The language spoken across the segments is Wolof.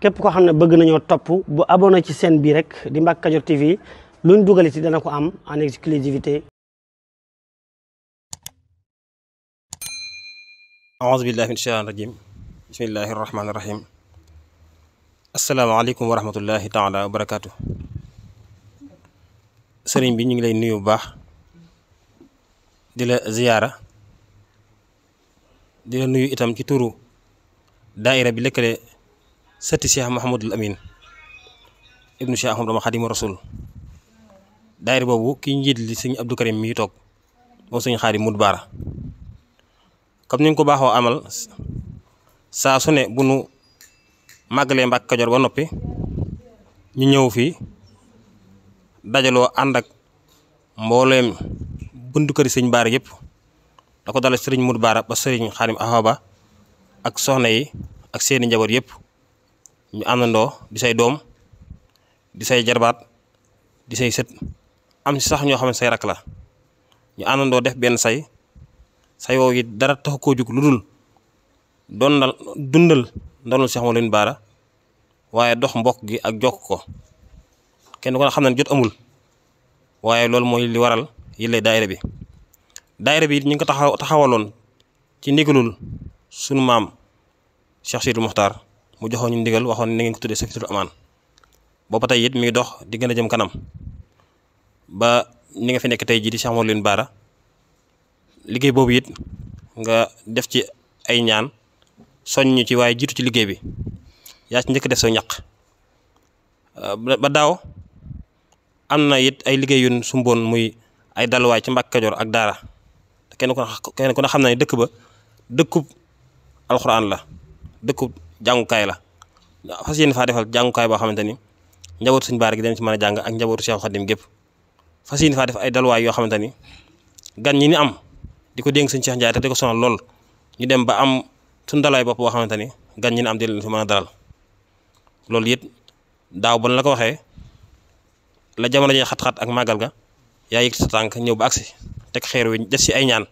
képp koo xam ne bëgg nañoo topp bu abonné ci seen bii rek di Mbacke Kadior TV luñ dugal ci dana ko am en exclusivité aouzu billahi min shaytaan rajim bismillahi rahmaani rahim asalaamaaleykum wa rahmatullahi taala wa barakaatu sëriñ bi ñu ngi lay nuyu bu baax di la ziyaara di la nuyu itam ci turu daaira bi lëkkale sëtti Cheikh Mahamadul Amin ibnu Cheikh Ahmadou Bamba Xaadimu Rasuul daayira boobu ki njiit li sëñ Abdou Karim mi toog moom sëñ Xaadim Mud Baara comme ni ko baaxoo amal saa su ne bu nu màggalee Mbàkke Kajoor ba noppi ñu ñëw fii dajaloo ànd ak mbooleem buntu sëñ Baara yëpp da ko dala sëriñ Mud Baara ba sëriñ Xaadim Awa ak soxna yi ak seeni njaboot yëpp ñu àndandoo di say doom di say jarbaat di say sët am si sax ñoo xam ne say rak la ñu àndandoo def benn say say woow yi dara taxu koo jug lu dul dondal dundal ndonul Cheikh Mawlana Bara waaye dox mbokk gi ak jokk ko kenn ko xam ne jot amul waaye loolu mooy li waral yële daayira bi daayira bi ñu ngi ko taxaw taxawaloon ci ndigalul sunu maam Cheikh Sidou mu joxoon ñu ndigal waxoon na ngeen ko tuddee safiinatul amaan booba tey it mi ngi dox di gën a jëm kanam ba ni nga fi nekk tey jii di Cheikh Mawlid Baara liggéey boobu it nga def ci ay ñaan soññu ci waaye jiitu ci liggéey bi yaa ci njëkk def sa ñaq ba daaw am na it ay liggéey sumboon muy ay dalwaay ci Mbàkke Kajoor ak daara kenn ku kenn ku ne xam na ne dëkk ba dëkkub alxuraan la dëkkub jàngukaay la fas yéene faa defal jàngukaay boo xamante ni njabootu suñu baar gi dañ ci a jàng ak njabootu si Cheikh Khadim gépp fas yéene faa def ay dalwaay yoo xamante ni gan ñi ni am di ko dénk suñu Cheikh Ndiaye ko sonal lool ñu dem ba am suñu dalwaay bopp boo xamante ni gan ñi am di leen fi mën a dalal loolu it daaw ban la ko waxee la jamono jee xat-xat ak màggal ga yaa yëg sa tànk ñëw ba agsi teg xeer wi des ci ay ñaan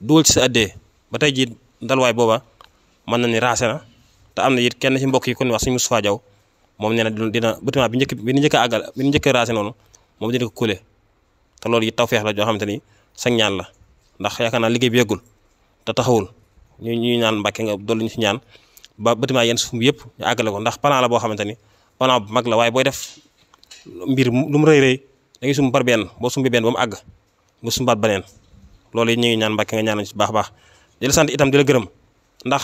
dugal ci sa addee ba tey jii dalwaay booba mën na ni raase na te am na it kenn si mbokk yi ku ne wax suñu Moustapha Diaw moom nee na dina bâtiment bi njëkk bi njëkk a àggal bi njëkk a raase moom dina ko kuule te loolu it la joo xamante ni sag ñaan la ndax yaakaar naa liggéey bi yeggul te taxawul ñu ñuy ñaan Mbàkke nga dolli ñu ci ñaan ba bâtiment yenn suuf yëpp ñu ko ndax plan boo xamante ni plan bu mag la waaye booy def mbir lu mu rëy rëy da ngay sumb par benn boo sumbi benn ba mu àgg nga sumbaat beneen loolu it ñu ngi ñaan Mbàkke nga ñaanal ci baax baax di la sant itam di la gërëm ndax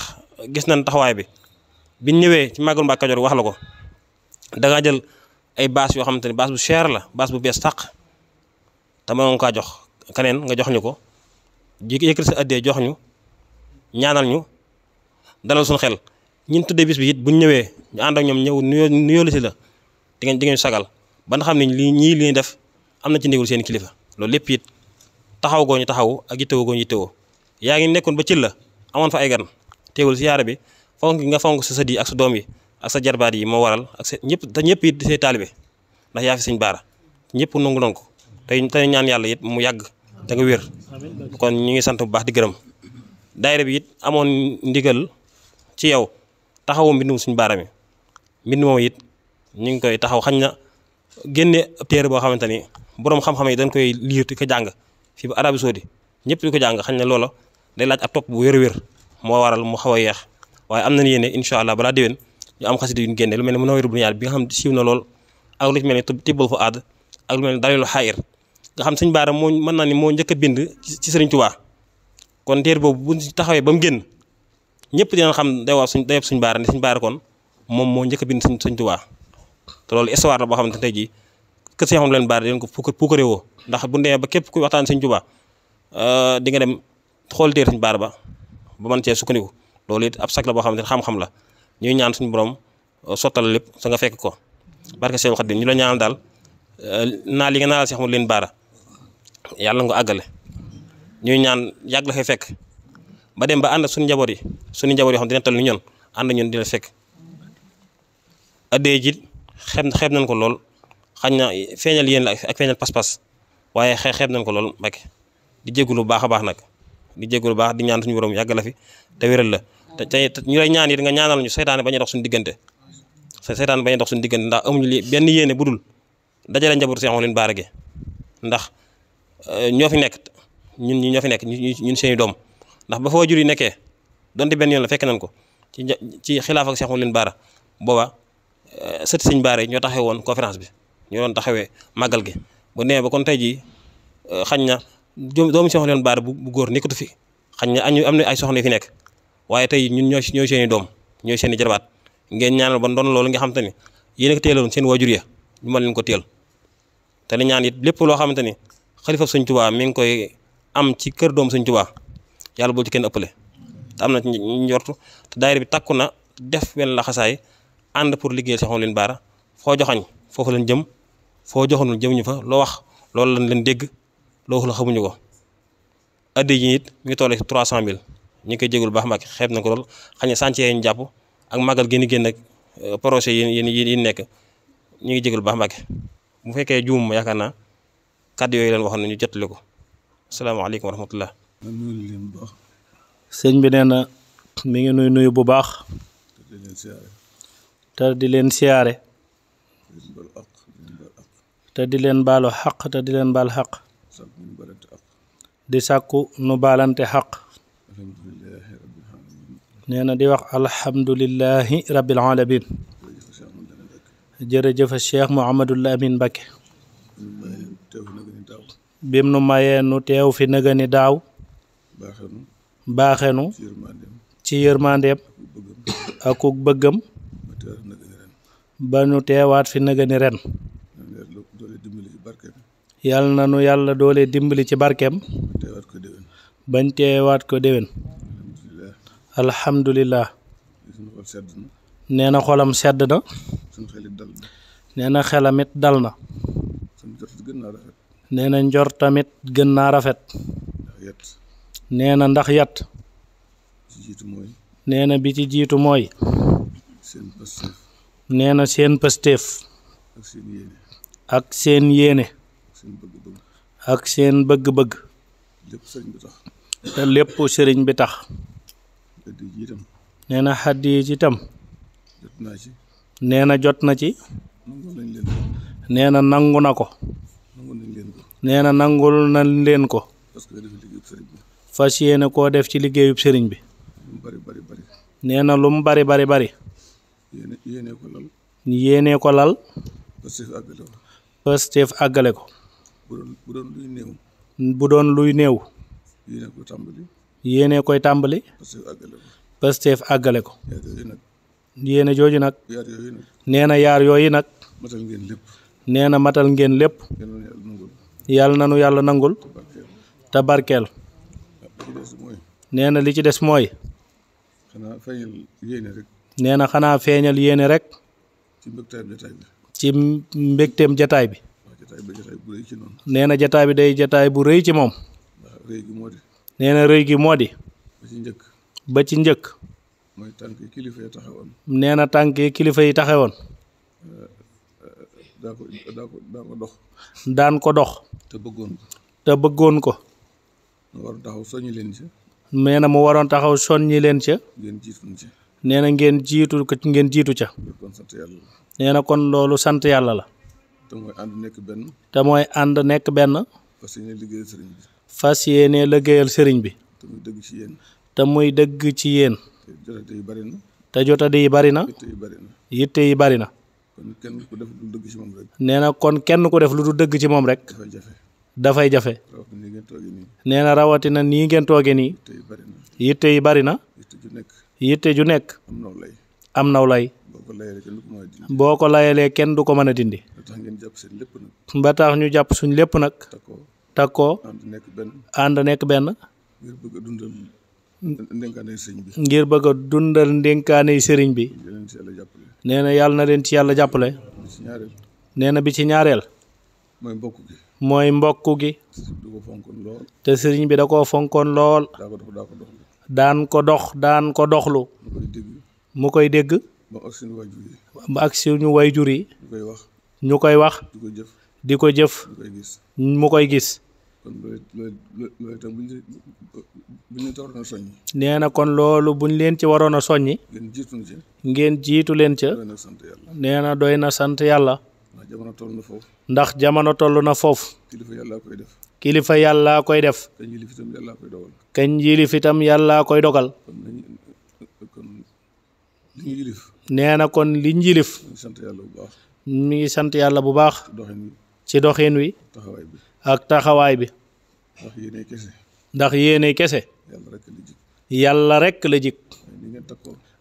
gis nañ taxawaay bi bi ñëwee ci màggal Mbàkke Kajoor wax la ko da ngaa jël ay baas yoo xamante ni baas bu cher la baas bu bees tàq te mënoon jox keneen nga jox ñu ko ji yëkkati sa addee jox ñu ñaanal ñu dana suñu xel ñun tuddee bis bi it bu ñëwee ñu ànd ak ñoom ñëw nuyoo nuyoo si la di ngeen di ngeen sagal ba nga xam ne lii ñii li def am na ci ndigal seen kilifa loolu lépp it taxaw goo ñu taxaw ak yittewoo goo ñu yittewoo yaa ngi nekkoon ba ci la amoon fa ay gan teewul siyaare bi. fonk nga fonk sa sët yi ak sa doom yi ak sa jarbaat yi moo waral ak sa ñëpp te ñëpp it say taalibe ndax yaa fi sëñ baara ñëpp nangu nangu tey tey ñaan yàlla yit mu yàgg da nga wér kon ñu ngi sant bu baax di gërëm daayira bi it amoon ndigal ci yow taxawu mbindum suñu baara mi mbind moom it ñu ngi koy taxaw xañ na génne ab téere boo xamante ni boroom xam-xam yi dañ koy liir di ko jàng fii ba Arabie Saoudi ñëpp di ko jàng xañ na loolo day laaj ab topp bu wér-wér moo waral mu xaw a yeex waaye am nañ yéene incha allah balaa déwén ñu am xasida yu ñu génne lu mel ne Munawwirul Bunyaal bi nga xam siiw na lool ak lu ci mel ne tibbal lu xaayir nga xam sañ baara moo mën naa ni moo njëkk a bind ci sëriñ Tuubaa kon téere boobu bu taxawee ba mu génn ñëpp dinañ xam day waaw suñ dayab suñ baara ne suñ baara kon moom moo njëkk a bind sëñ Tuubaa te loolu histoire boo xamante tey jii kër si xam leen baar dinañ ko puukar puukaree woo ndax bu demee ba képp kuy waxtaan sañ Tuubaa euh, di nga dem xool téere sëñ baara ba ba man cee sukkandiku loolu it ab sag la boo xam ne xam-xam la ñuy ñaan suñu borom uh, sottal lépp sa nga fekk ko barke seen Xaadim ñu la ñaan daal uh, naa li nga naanal si xamul leen baara yàlla nga ko àggale ñuy ñaan yàgg la fekk ba dem ba ànd suñ njaboot yi suñu njaboot yoo xam dina tal ni ñoon ànd ñun di la fekk addee jit xeeb xeeb nañ ko lool xañ na feeñal yéen la ak feeñal pas-pas waaye xee xeeb nañ ko lool Mbacké di jégalu bu baax a baax nag di jégalu bu baax di ñaan suñu borom yàgg la fi te la te ñu lay ñaan it nga ñaanal ñu seytaane bañ a dox suñu diggante seytaane bañ a dox suñu diggante ndax amuñu li benn yéene bu dul dajale njabootu Cheikh Mawlin Baara gi ndax euh, ñoo fi nekk ñun ñi ñoo fi nekk ñun seeni doom ndax ba foo jur yi nekkee donte benn yoon la nañ ko ci ci xilaaf ak Cheikh Mawlin Baara booba euh, sëti sëñ Baara yi ñoo taxawee woon conférence bi ñoo doon taxawee màggal gi bu nee ba kon tey jii euh, xañ na doomu Cheikh Mawlin Baara bu góor nekkatu fi xañ na am na ay soxna yu fi nekk waaye tey ñun ñoo ñooy seen i doom ñooy seen i jarbaat ngeen ñaanal ba doon loolu nga xamante ni yéen a ko téeloon seen waajur ya ñu mën leen ko téel te li ñaan it lépp loo xamante ni xalifa sëñ Tuubaa mi ngi koy am ci kër doom sëñ Tuubaa yàlla boo ci kenn ëppale te am na ci njortu te daayira bi takku na def wenn laxasaay xasaay ànd pour liggéey si leen baara foo joxañ foofu leen jëm foo joxanul jëm ñu fa loo wax loolu lañ leen dégg loo wax la xamuñu ko addi yi it mu ngi toll ci 300000 ñu ngi koy jégul baax Mbàkke xeeb na ko lool xañ ne chantier jàpp ak magal gën génn ak euh, projet yi yi nekk ñu ngi jégul baax Mbàkke bu fekkee juum yaakaar na kàddu yooyu leen waxoon nañu jottali ko asalaamaaleykum wa rahmatullah sëñ bi nee na mi ngi nuy nuyu bu baax te di leen siyaare te di leen baalu xaq te di leen baal xaq di sàkku nu baalante xaq nee na di wax alhamdulillahi rabbil alamin jërëjëf Cheikh Mouhamadul Amin Mbacké bim nu mayee nu teew fi nëga daaw baaxenu ci yërmandeem ak ku bëggam ba nu teewaat fi nëga ni ren yal na nu yàlla doole dimbali ci barkeem bañ teewaat ko déwén alhamdulilah. nee na xolam sedd na. nee na xelamit dal na. nee na njor tamit gën naa rafet. neena ndax yat. nee bi ci jiitu mooy. neena seen pëstéef ak seen yéene. ak seen bëgg-bëgg. lépp sëriñ bi tax. addiya ji itam. nee na itam. jot na jot na ci. nangu nee na nangu na ko. nangu nañ nee na nangul nañ leen ko. fas yéene koo def ci liggéeyub sëriñ bi. lu mu bari bari bari. nee na lu bari bari bari. yéene ko lal. yéene ko àggale ko. bu doon luy néew. bu doon luy néew. yéene koy tàmbali Pastef àggale ko yéene jooju nag nee na yaar yooyu nag nee na matal ngeen lépp yàlla na nu yàlla nangul te barkeel nee na li ci des mooy nee na xanaa feeñal yéene rek ci mbégteem jataay bi nee na jataay bi day jataay bu rëy ci moom nee na gi moo di. ba ci njëkk. ba ci njëkk. mooy tànk yi kilifa yi taxawoon. na tànk kilifa yi taxawoon. Eh, eh, daan ko dox. daan ko dox. te bëggoon ko. te bëggoon ko. mu waroon taxaw soññi leen ca. nee na mu waroon taxaw soññi leen ca. ngeen jiitu nee na ngeen jiitu ko ngeen jiitu ca. kon nee na kon loolu sant yàlla la. te mooy ànd nekk benn. te mooy ànd nekk benn. fas yéene fas yéene liggéeyal sëriñ bi te muy dëgg ci yéen te jotadi yi bari na yitte yi bari na nee na kon kenn ku def lu du dëgg ci moom rek dafay jafe nee na rawatina nii ngeen tooge nii yitte yi bari na yitte ju nekk am naw lay boo ko layalee kenn du ko mën a dindi ba tax ñu jàpp suñ lépp nag takkoo ànd nekk benn ngir bëgg dundal ndénkaaney sëriñ bi ngir bëgg a dundal sëriñ bi nee na leen ci yàlla jàppale nee na bi ci ñaareel mooy mbokk gi mooy te sëriñ bi da koo fonkoon lool daan ko dox daan ko doxlu mu koy dégg ba ak suñu wayjur yi ñu koy wax di ko jëf mu koy gis kon ñu bu ñu nee na kon loolu bu ñu leen ci waroon a soññi. ngeen jiitu leen ca. ngeen jiitu leen ca. nee na doy na sant yàlla. ndax jamono toll na foofu. ndax jamono toll na foofu. kilifa yàlla koy def. koy def. kañ yilif itam yàlla koy dogal. kañ koy dogal. nee na kon liñ yilif. mi ngi sant yàlla bu baax. ci doxin wi. ak taxawaay bi. ndax yéene kese. ndax yàlla rek la jikk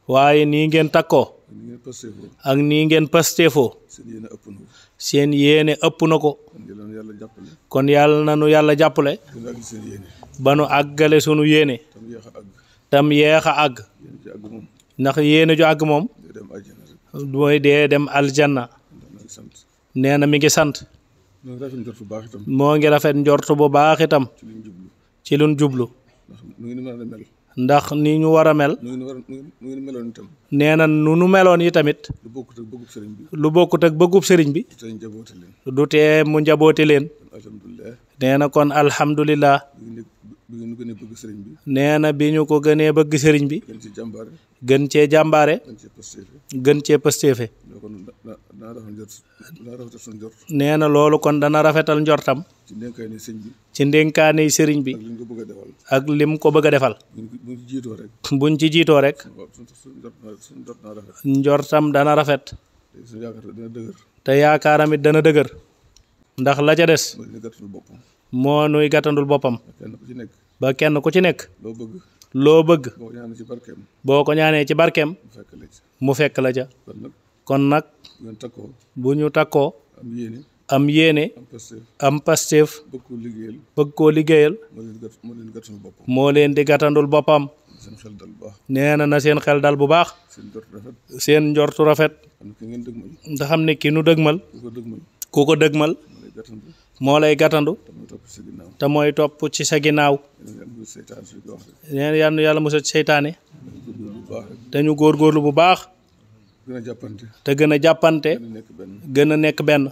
waaye nii ngeen takkoo. ak nii ngeen pasteefoo. seen yéene ëpp na ko. kon yàlla na nu yàlla jàppale. ba nu àggale sunu yéene. tam yeex a àgg. ndax yéene ju àgg moom. mooy dee dem aljanna. nee mi ngi sant. moo ngi rafet njort bu baax itam. moo ngi rafet njort bu baax itam. ci luñ jublu. ndax ni ñu war a mel. nee na nu meloon yi tamit. lu bokkut ak bëggub sëriñ bi. lu bokkut ak bëggub sëriñ bi. du tee mu njaboote leen. nee na kon alhamdulilah. nee na bi ñu ko gënee bëgg sëriñ bi. gën cee jàmbaare. gën cee pasteefe. dana nee na loolu kon dana rafetal njortam. ci ndénkaane sëñ sëriñ bi. ak lim ko bëgg a defal. ak lim ko bëgg a defal. buñ ci jiitoo rek. ci jiitoo rek. njortam dana rafet. te yaakaaram it dana dëgër. ndax la ca des. moo nuy gàttandul boppam. ba kenn ku ci nekk. loo bëgg. boo ko ñaanee ci barkeem. mu fekk la ca. kon nag bu ñu takkoo am yéene am pasteef bëgg koo liggéeyal moo leen di gàttandul boppam nee na seen xel dal bu baax seen njortu rafet nga ne ki nu dëgmal ku ko dëgmal moo lay gàttandu te mooy topp ci sa ginnaaw nee na yàlla musal ci seytaane dañu góorgóorlu bu baax gën a te gën a jàppante. gën a nekk benn. gën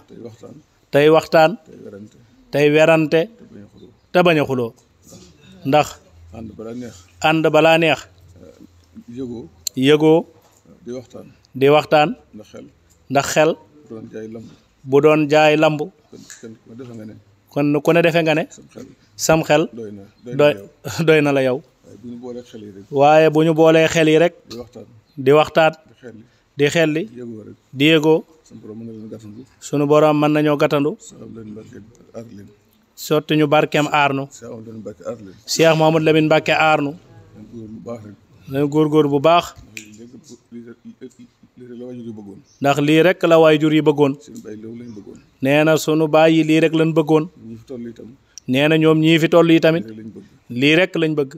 tey waxtaan. tey waxtaan. tey werante. te bañ xuloo. ndax. ànd balaa neex. ànd balaa eh, yëgoo. di waxtaan. di ndax xel. ndax bu doon jaay lamb. bu doon jaay lamb. kon ku ne defe nga ne. sam xel. doy na doy na la yow. waaye bu ñu boolee xel yi rek. di di waxtaan. di xelli di yëgoo sunu borom mën nañoo gàttandu sotti ñu barkeem aarnu Cheikh Mouhamad Lamine Mbacke aarnu góor góor bu baax ndax lii rek la waajur yi bëggoon nee na sunu baay yi lii rek lañ bëggoon nee na ñoom ñii fi toll yi tamit lii rek lañ bëgg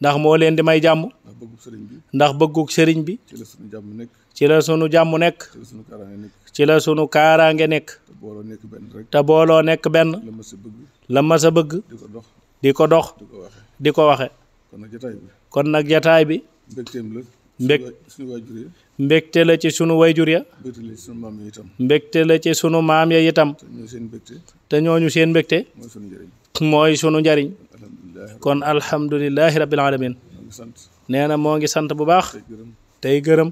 ndax moo leen di may jàmm bëggub bi. ndax bëggug sëriñ bi. ci la sunu jàmm nekk. ci la sunu jàmm nekk. ci la sunu kaaraange nekk. nekk. te booloo nekk benn rek. la mas a bëgg. di ko dox. di ko dox. waxe kon nag jataay bi. kon nag la. ci sunu wayjur ya. mbégte la ci sunu maam ya itam. te ñooñu seen mbégte. te seen mbégte. mooy sunu njariñ. kon alhamdulilahi rabbil alamin nee na moo ngi sant bu baax. tey gërëm.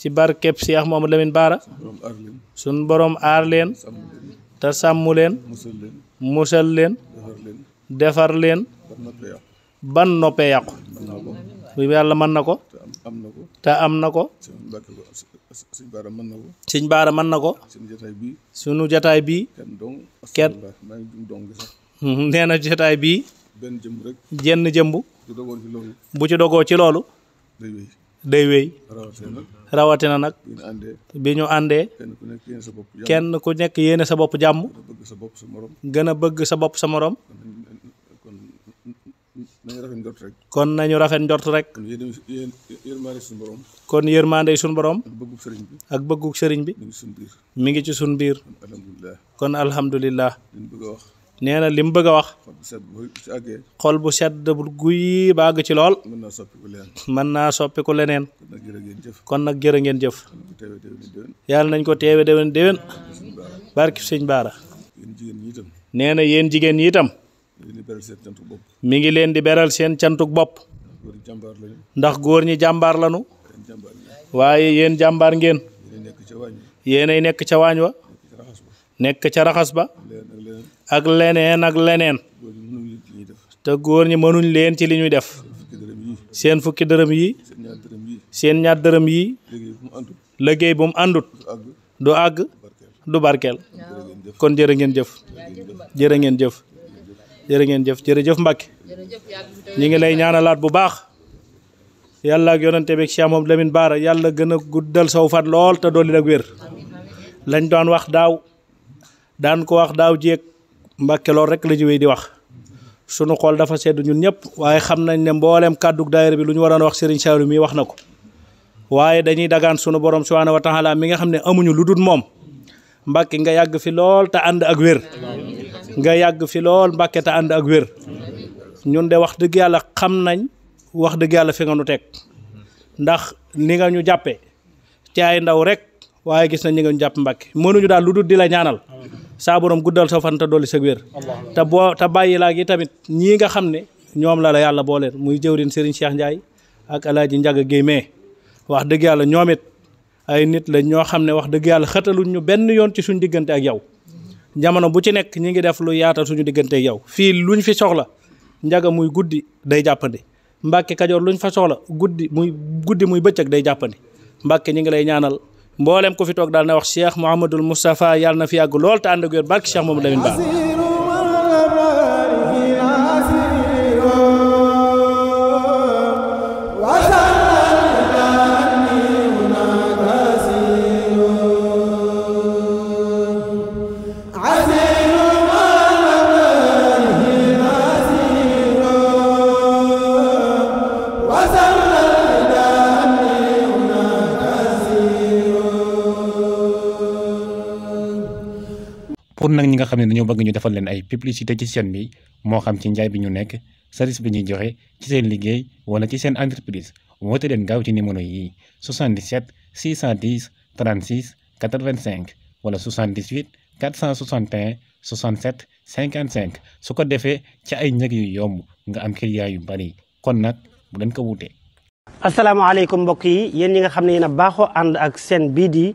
ci barkeb Cheikh moom Lamine Bara. suñ borom aar leen. te sàmm leen. musal leen. defar leen. ban noppee yàqu. yàlla mën na ko. te am na ko. sëñ Baara mën na ko. sëñ Baara mën na ko. sunu jataay bii. jataay bii. kenn nee jataay bii. benn jenn jëmb. bu ci dogoo ci loolu day wéy rawatina nag bi ñu àndee kenn ku nekk yéene sa bopp jàmm gën a bëgg sa bopp sa moroom kon nañu rafet njort rek kon yërmaande suñu borom ak bëggug sëriñ bi mi ngi ci sun biir kon alhamdulillah nee na lim bëgg a wax. xol bu sedd bu guy bàgg ci lool. mën naa soppiku leneen. mën kon nag jërë ngeen jëf. yàlla nañ ko teewe déwén déwén. barki sëñ Baara. nee na yéen jigéen ñi itam. mi ngi leen di beral seen cantuk bopp. ndax góor ñi jàmbaar lañu. waaye yéen jàmbaar ngeen. yéenay nekk ca waañ wa. nekk ca raxas ba. ak leneen ak leneen te góor ñi mënuñ leen ci li ñuy def seen fukki dërëm yi seen ñaar dërëm yi liggéey bu mu àndut du àgg du barkeel kon jërë ngeen jëf jërë ngeen jëf jërë ngeen jëf jërëjëf Mbàkke ñi ngi lay ñaanalaat bu baax yàlla ak yonante beeg Cheikh moom Lamine Bara yàlla gën a guddal saw fan lool te dolli ak wér lañ doon wax daaw daan ko wax daaw jéeg Mbàkke loolu rek la ñu wéy di wax sunu xool dafa sedd ñun ñëpp waaye xam nañ ne mbooleem kàddu daayira bi lu ñu waroon wax Serigne Saliou mii wax na ko waaye dañuy dagaan sunu borom subhaanahu wa taala mi nga xam ne amuñu lu dul moom Mbàkke nga yàgg fi lool te ànd ak wér nga yàgg fi lool Mbàkke te ànd ak wér ñun de wax dëgg yàlla xam nañ wax dëgg yàlla fi nga nu teg ndax ni nga ñu jàppee ci ndaw rek waaye gis nañ ni nga ñu jàpp Mbàkke mënuñu daal lu dul di la ñaanal saa borom guddal sa fanta dolli sa wér te boo te bàyyi laa gi tamit ñii nga xam ne ñoom la la yàlla booleen muy jëwrin Serigne Cheikh Ndiaye ak Alaaji Njaga Géy mais wax dëgg yàlla ñoom it ay nit la ñoo xam ne wax dëgg yàlla xëtaluñ ñu benn yoon ci suñu diggante ak yow jamono bu ci nekk ñi ngi def lu yaatal suñu diggante ak yow fii luñ fi soxla njaga muy guddi day jàppandi Mbàkke Kajoor luñ fa soxla guddi muy guddi muy bëccëg day jàppandi Mbàkke ñu ngi lay mboolem ko fi toog daal na wax Cheikh Mouhamadul Moustapha yàlla na fi yàgg lool te ànd ak wér barki Cheikh Mamadou Lamine Bara bëgg ñu defal leen ay publicité ci seen bi moo xam ci njaay bi ñu nekk service bi ñuy joxe ci seen liggéey wala ci seen entreprise woote leen gaaw ci numéro yi 77 610 36 85 wala 78 461 67 55 su ko defee ci ay njëg yu yomb nga am client yu bari kon nag bu leen ko wutee. asalaamaaleykum mbokk yi yéen ñi nga xam ne yéen baaxoo ànd ak seen bii